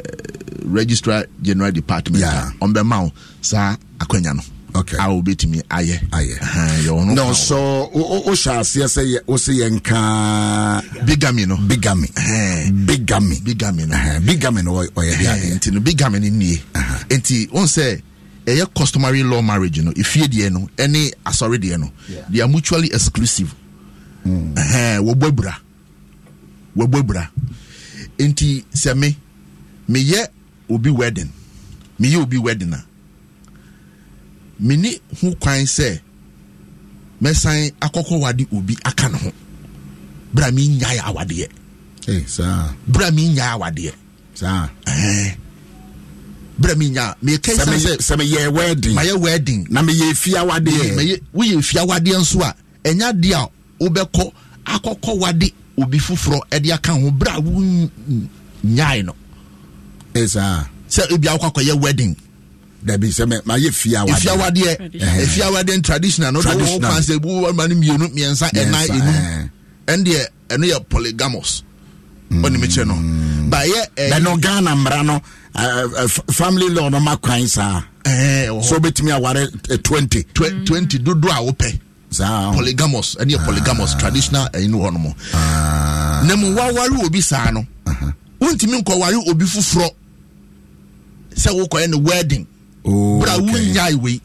registrar general department a ɔmbɛma wo saa akwanya no okay. a wobɛtumi ayɛ ayɛ na ɔsɔ wohyɛ aseɛ sɛ wose yɛnkaa bigami no bigami bigami bigami no bigami no ɔyɛ de adeɛ nti no bigami no nie nti wohu sɛ ɛyɛ customary law marriage no ɛfie deɛ no ɛne asɔre deɛ no they are mutually exclusive hmm. wɔbɔ abura wɔbɔ abura nti sɛ me meyɛ obi wedding meyɛ obi wedding na mene ho kwan sɛ mɛsan akɔkɔ wade obi aka ne ho bere a menyae awadeɛ bere a menyae awadeɛ bere a menyaa meka sɛ meyɛ wedding mayɛ wedding na meyɛ fie awadeɛ woyɛ fie awadeɛ nso a ɛnya deɛ a wobɛkɔ akɔkɔ wade obi foforɔ de aka ho bere a wonyae no sɛ ebi akɔkɔyɛ wedding dabi sɛ mayɛ fiawadeɛ fiawadeɛ traditional no wode wɔwo kan sɛ woma no mmienu mmiɛnsa ɛna ɛnum ɛndeɛ ɛno yɛ polygamous ɔnim kyerɛ no mm. ba bayɛ ɛno ghana mmara no family law no ma kwan saa so wobɛtumi aware twenty twenty dodo a wopɛ polygamos ɛne yɛ polygamos ah. traditional ɛyino hɔ no mu ah. na mu woaware obi saa no uh-huh. wontumi nkɔware obi foforɔ sɛ wokɔyɛ no wedding bra wonyae wei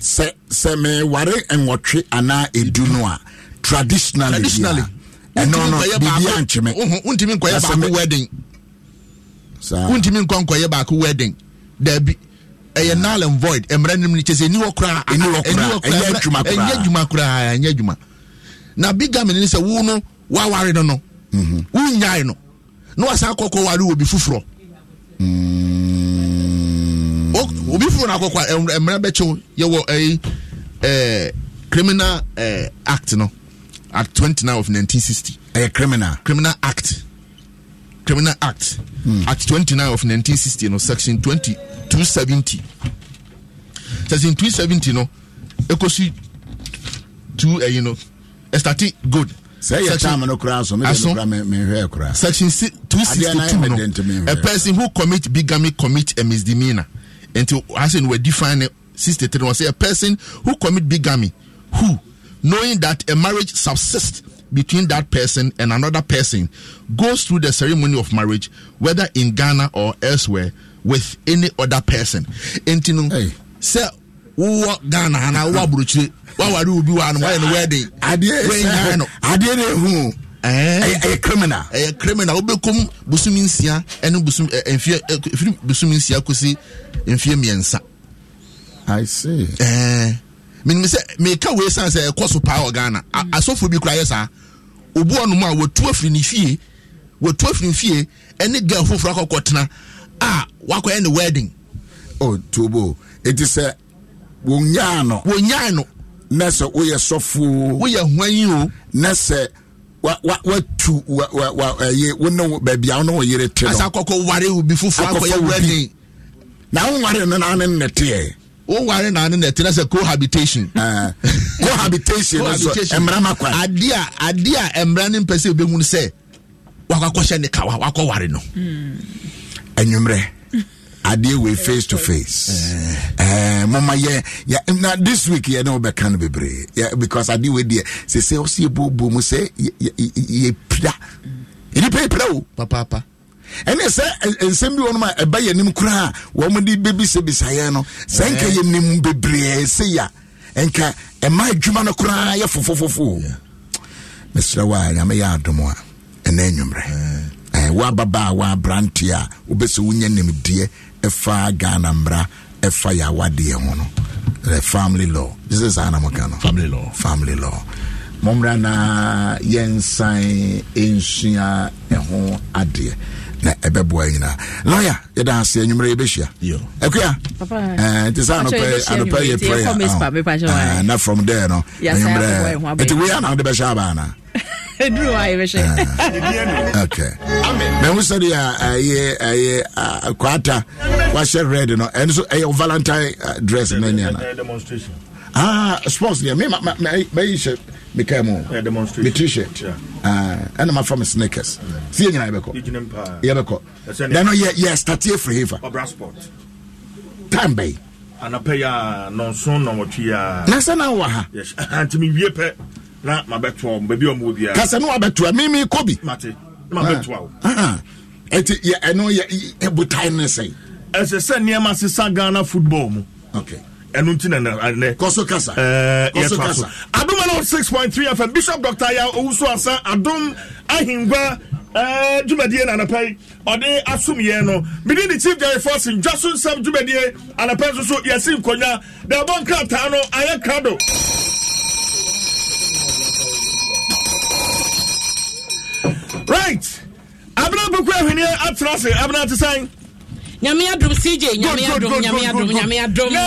sɛ sɛ meware nwɔtwe anaa edu no a traditionally ɛno eh, no biribia nkyeme wontumi nkɔyɛ baako wedding wontumi nkɔ nkɔyɛ wedding ɛyɛ null and void mmerɛ no mu sɛ ɛni hɔ adwuma koraa adwuma na bigamy no sɛ wo no woaware no no mm-hmm. wonyae no na wasan kɔkɔ ware wɔ bi foforɔ obi furu na akɔkɔ mmerɛ bɛkyɛw yɛwɔ ɛyi ɛɛ criminal ɛɛ eh, act no at twenty nine of nineteen sixty. ɛyɛ eh, criminal. criminal act criminal act. Hmm. at twenty nine of nineteen sixty no section twenty two seventy section two seventy no ekosi two ɛyi eh, no ɛstati good. sɛ yɛ taama no koraa so mede nokora mehwɛ koraa section 262 no a person who commit bigamy commit a misdemeanor nti ase we define sixty three wɔn say a person who commit bigamy who knowing that a marriage subsists between that person and another person goes through the ceremony of marriage whether in ghana or elsewhere with any other person nti no sɛ wowɔ ghana anaa wowɔ aburokyire wawari obi wa anum wayɛ no wedding adeɛ ne ehu ɛyɛ eh? criminal ɛyɛ criminal wobɛkom bosom nsia ɛne eh, mfiri eh, bosom nsia kɔsi mfie mmiɛnsa menim sɛ meka wei sane sɛ ɛkɔ so paa wɔ ghana asɔfoɔ mm. bi kora yɛ saa obu ɔnom a watu afiri ne fie watu afiri ne fie ɛne girl foforɔ akɔkɔtena a wakɔyɛ ne wedding oh, tuobo ɛti sɛ wɔnyaa no wɔnyaa no na sɛ woyɛ sɔfoo woyɛ hwan o na watu ɛyɛ eh, wone baabi a wone wo yere te noasa kɔkɔ ware obi foforɔ akɔyɛ wedding na woware no na ne nneteɛ woware na ne nɛte na sɛ cohabitation eh, cohabitation nso mmara no akwan ade a ade a mmara no mpɛ sɛ wobɛhu no sɛ wakɔakɔhyɛ ne kawa wakɔware no anwummerɛ adeɛ wei face to face eh. eh, moma yɛ na this week yɛ ne wobɛka no bebree because adeɛ wei deɛ sɛ sɛ wo sɛ yɛbobo mu sɛ yɛpira nnipa yɛpira o papaapa ɛne sɛ nsɛm bi wɔ nom a ɛba yɛ nim koraa wɔm de bɛbisɛbisaeɛ no sɛ nka yɛnim bebree sɛ yɛ a ɛnka ɛma adwuma no koraa yɛ fofofofo mesrɛ wo a nyame yɛ adom a ɛnɛ anwummerɛ woababa a woabrante a wobɛsɛ wonya nimdeɛ ɛfa ghana mmara ɛfa yɛ ho no eh, family law this is how I'm going family law family law mɔmmra na yɛnsan nsua ɛho adeɛ na ɛbɛboa nyinaa lawyer yɛda ase anwummerɛ yɛbɛhyia akua eh, nti sɛ anɔpɛ yɛ prayer oh. ah, na from there no anwummerɛ ɛnti wei ana wode bɛhyɛ aba anaa mahu sɛdeɛ eh, ɛyɛ eh, kwaata wahyɛ red no ɛno so ɛyɛ valentine dress no aniana ah sports deɛ me mayi hyɛ mekae mu me t shirt ɛna mafa me sneakers sɛ yɛ nyina yɛbɛkɔ yɛbɛkɔ dɛno yɛ state afiri hefa time bɛyi anapɛ yɛ a nɔnson nɔwɔtwe a na sɛ na wɔ ha ntimi wie pɛ na mabɛtoa baabi ɔmɔ biara kasɛ ne wabɛtoa meme kɔ bi mate na mabɛtoa wo ɛnti ɛno yɛ botae ne sɛi ɛsɛ sɛ nneɛma sesa ghana football mu okay ɛno nti na nɛ kɔso kasa kɔso kasa adom ɛna six point three fm bishop dr ya owusu asa adom ahengua dwumadie na yi ɔde asomyɛ no mede ne chief gary forson dwa nsɛm dwumadie anapa nso so yɛsi nkonnwa da nkrataa no ayɛ krado right abena bɛkɔ ahwenneɛ atena ase abena te san nyame adom cj nyame adom nyame adom nyame adom na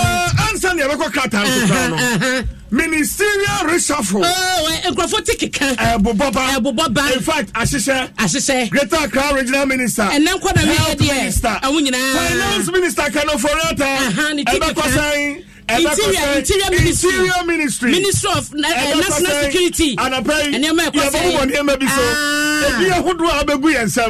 ansa ne yɛbɛkɔ krataa uh-huh, nkokra no uh-huh. ministerial reshuffle. Oh, nkurɔfo ti keka. ɛbobɔ ba ɛbobɔ ba in fact ahyehyɛ. ahyehyɛ. greater accra regional minister. ɛnɛ nkɔ na mi yɛ deɛ ɛho nyinaa. finance minister kanofo rata. ɛbɛkɔ sɛn interior interior ministry interior ministry ministry of uh, national security anapɛyi ɛnìyɛmɛ ɛkɔ sɛ yɛ nìyɛmɛ bi so ah. ebi ahodoɔ a abegu yɛn nsam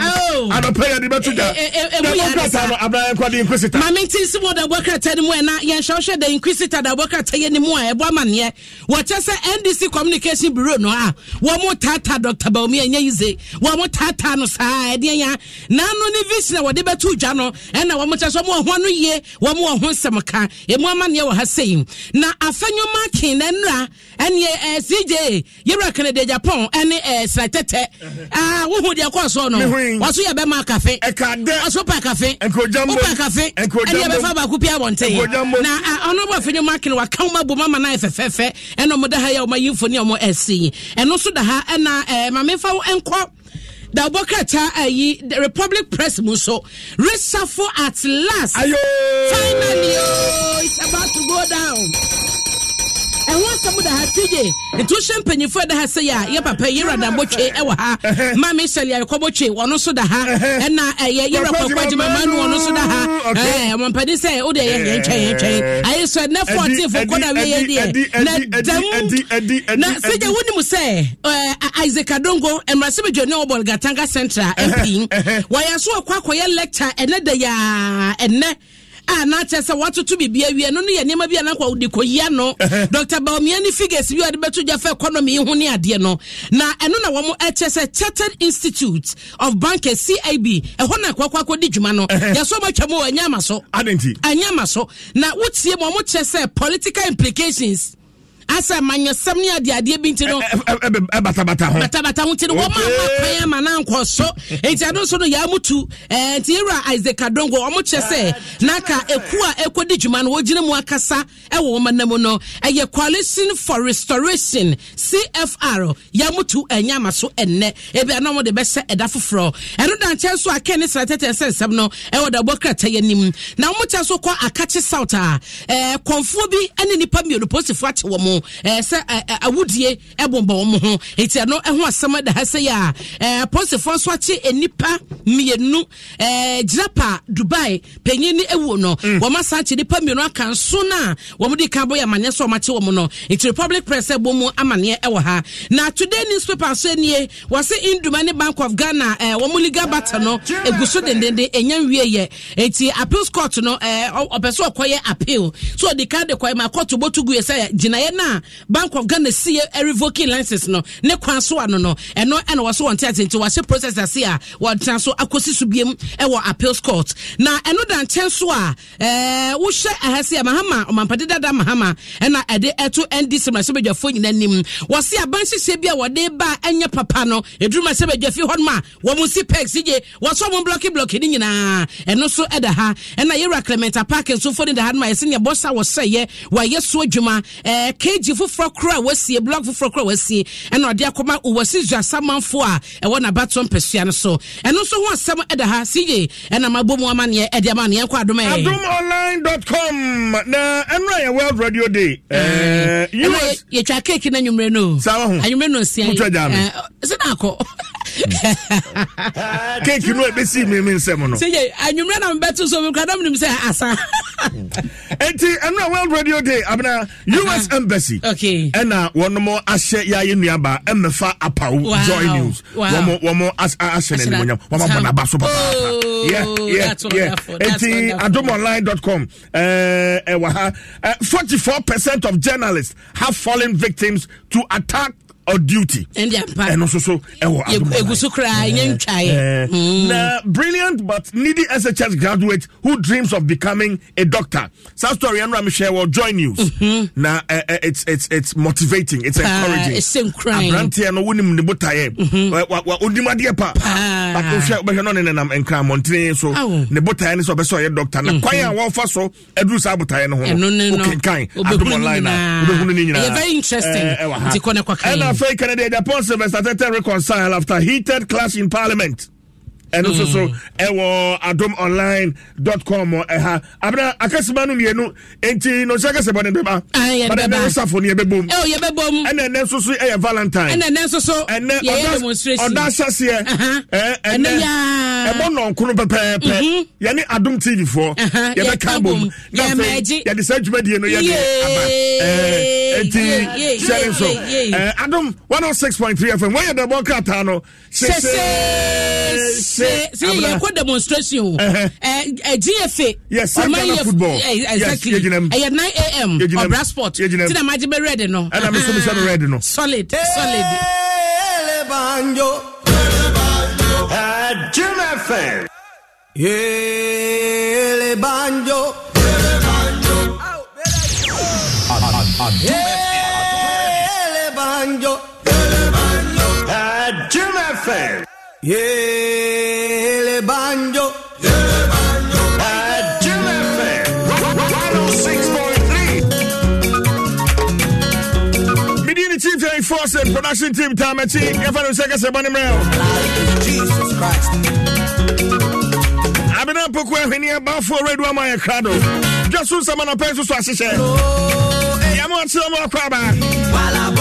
anapɛyi ɛdi bɛ tu da ɛmu yɛ adisa na abiran kɔ di inquisitor. maame ti si mu dabɔ krataa ni mu ɛna yɛn hyɛnhyɛ de inquisitor dabɔ krataa yɛ ni mu a ɛbɔ amaneɛ wɔkyɛ sɛ ndc communication bureau no a wɔn mo taataa dr baomi ɛnyɛ yi ze wɔn mo taataa no saa ɛdeɛ ya n'ano ne vision a wɔde bɛ tu dwa no ɛna wɔn kyɛ sɛ wɔn ɔho ano yie wɔn ɔho nsɛm ka emu amaneɛ wɔ ha sei na afɛnwoma ken na nnura ɛne eh, cj yɛwura de japan ɛne eh, sratɛtɛ ah, wohu deɛ kɔɔ soɔ no wɔso yɛ bɛma kafe wɔso pa kafe wopa kafe ɛne yɛbɛfa baako pia abɔnten na ah, ɔno bɔ afɛnwoma ken waka woma bom ama no ayɛ fɛfɛɛfɛ ɛna ɔmo da ha yɛ ɔma yimfo ne ɔmo asi ɛno so da ha ɛna eh, mamefa wo ɛnkɔ The bɔkrata ayi eh, the republic press Muso. so resafo at last Ayo! finally oh, it's about to go down ɛho asɛm da ha tgye nti wohyɛ mpanyimfoɔ da ha sɛ yɛ a yɛ papa yɛwura dambɔtwe ɛwɔ ha ma me hyɛle ayɛkɔbɔtwe ɔno nso da ha ɛna ɛyɛ eh, yɛwura kɔkɔ gyimama no ɔno nso da ha ɔmampani sɛ wode ɛyɛ yɛntwɛn yɛntwɛn ayɛ sɛ nɛ 14fo kɔda wiɛ yɛdeɛ na dam na sɛgya wonim sɛ eh, isaac adongo mmrasɛ bedwane wɔbɔ gatanga central mp wɔyɛ so wɔkɔ akɔyɛ lecture ɛnɛ da yɛa ɛnɛ a na kyerɛ sɛ watoto biribi awie no no yɛ nneɛma bi a nakɔ wode kɔyia no dr baomia ne figures bi a wɔde bɛto gya fa economy ho ne adeɛ no na ɛno na wɔm ɛkyɛ sɛ chartered institute of bankers cib ɛhɔ na akɔakɔ akɔdi dwuma no yɛsɛ ɔmatwa mu ɛnyɛ ama so ɛnyɛ ama so na wotie mu ɔmo kyerɛ sɛ political implications asɛ manyɛsɛm ne adeadeɛ bi nti no eh, eh, eh, batabata ho batabata ho nti no wɔma ma kwan ama na nkɔ so enti ɛno nso no yɛa nti yɛwura isaac adongo ɔmo kyerɛ sɛ naka ɛku a ɛkɔdi dwuma no wɔgyina mu akasa ɛwɔ wɔma nam no ɛyɛ coalition for restoration cfr yɛa mutu ɛnyɛ ama so ɛnnɛ ebi ana wɔde bɛhyɛ ɛda foforɔ ɛno dankyɛ nso a kɛn ne sratɛtɛ sɛ nsɛm no ɛwɔ dabɔ krataa yɛ anim na wɔmo kyɛ so kɔ akakye south a ɛɛ kɔnfoɔ bi ɛne nipa mmienu posifoɔ akyɛ wɔn ho eh, sɛ eh, eh, awudie bobɔ wɔn ho nti ɛno ho asɛm da ha sɛ yɛ a polisifoɔ nso akye nnipa mmienu gyirapa dubai panyin ne ewuo no mm. wɔn asan akye nnipa mmienu aka nso na wɔn de kan bɔ yɛ amaneɛ sɛ wɔn akye wɔn no nti republic press ɛbɔ mu amaneɛ wɔ ha na today newspaper nso nie wɔsi induma ne bank of ghana wɔn legal battle no egu so dendenden enya nwie yɛ nti appeals court no ɔpɛ sɛ ɔkɔyɛ appeal so ɔde kan de kɔɛ ma court bɔ tugu yɛ sɛ gyinaeɛ na bank of ghana sie revoking license no ne kwan so ano no ɛno ɛna wɔ so wɔn te ase nti wɔahyɛ process ase a wɔtena so akɔsi so biem ɛwɔ appeals court na ɛno da nkyɛn so a ɛɛ wohyɛ ɛha se a mahama ɔmampade dada mahama ɛna ɛde ɛto ndc mmarahyɛbadwafoɔ nyinaa anim wɔsi aban hyehyɛ bi a wɔde ba ɛnyɛ papa no eduru mmarahyɛbadwafi hɔ nom a wɔn si pegs gye wɔsɔ wɔn blɔki blɔki ne nyinaa ɛno so ɛda ha ɛna yɛwura clement apark nsofo ne da ha nom a yɛsɛ nea bɔsa wɔsɛ yɛ wɔayɛ so adwuma ɛɛ k page foforɔ koro a wasie blog foforɔ koro a wasie ɛna ɔde akɔma wɔsi zu asamanfo a ɛwɔ n'abatɔ mpɛsia no so ɛno nso ho asɛm ɛda ha cj ɛnam abom amaneɛ ɛde ama neɛ nkɔ adom ɛ adomonline.com na ɛnora yɛ world radio day eh, yɛtwa keeki no anwummerɛ no anwummerɛ no nsia eh, sɛ na akɔ keeki no ɛbɛsi mimi nsɛm no sɛye anwummerɛ na mebɛto so mekra na menim sɛ asa enti ɛno a world radio day abena us uh-huh. embassy okay. ɛna wɔnom ahyɛ yɛ ayɛ nnuaba ɛmmɛfa apaw wow. joy news wɔm wow. ahyɛ no animonyam wɔmabɔ naba so papaapa enti adomonline.com ɛwɔ ha 44 percent of journalists have fallen victims to attack or duty ɛno nso so ɛwɔ adomɔnayɛ na brilliant but needy shs graduate who dreams of becoming a doctor South story ɛno a will join joy news mm-hmm. na uh, uh, it's, it's, it's motivating it's encouraging aberanteɛ no wonim ne botaeɛ ɔnim adeɛ pa but wohwɛ wobɛhwɛ no ne nenam nkra mmɔntene so ne botaeɛ ne sɛ ɔbɛ sɛ ɔyɛ doctor na mm-hmm. kwan a wɔfa so aduru saa botaeɛ no ho no wokenkan adom online a wobɛhunu no nyinaa ɛwɔ ha afei kennedy agyapon sylvester tete reconcile after heated clash in parliament ɛno nso so ɛwɔ adom online dot com ɛha abena akasima no mmienu nti na ɔhyɛ akasɛ bɔ ne bɛba bɛda ne safo ne yɛbɛbom ɛna ɛnɛ nso so ɛyɛ valentine ɛnɛ nso so ɛnɛ ɔda ahyɛseɛ ɛnɛ ɛbɔ nɔnkono pɛpɛɛpɛ yɛne adom tv foɔ yɛbɛka bom na afei yɛde saa dwumadie no yɛde aba nti hyɛre so. adom 106.3 fm wɔyɛ dɛbɔ krataa no hyɛhyɛ say say yɛ kɔ demonstration o ɛ gfa yes ɔman yɛ football exactly ɛyɛ nine am ɔbra sport ti na maa gye bɛ red no ɛna mi sɛ mi red no solid solid. Yeah. production team time achi yɛfa no sɛ kɛsɛ bɔne mmerɛ abena poku ahwene abafoɔ radio ama yɛ kra do dwa so nsɛm anapɛ so so ahyehyɛ yɛma akyerɛ ma akɔ abaa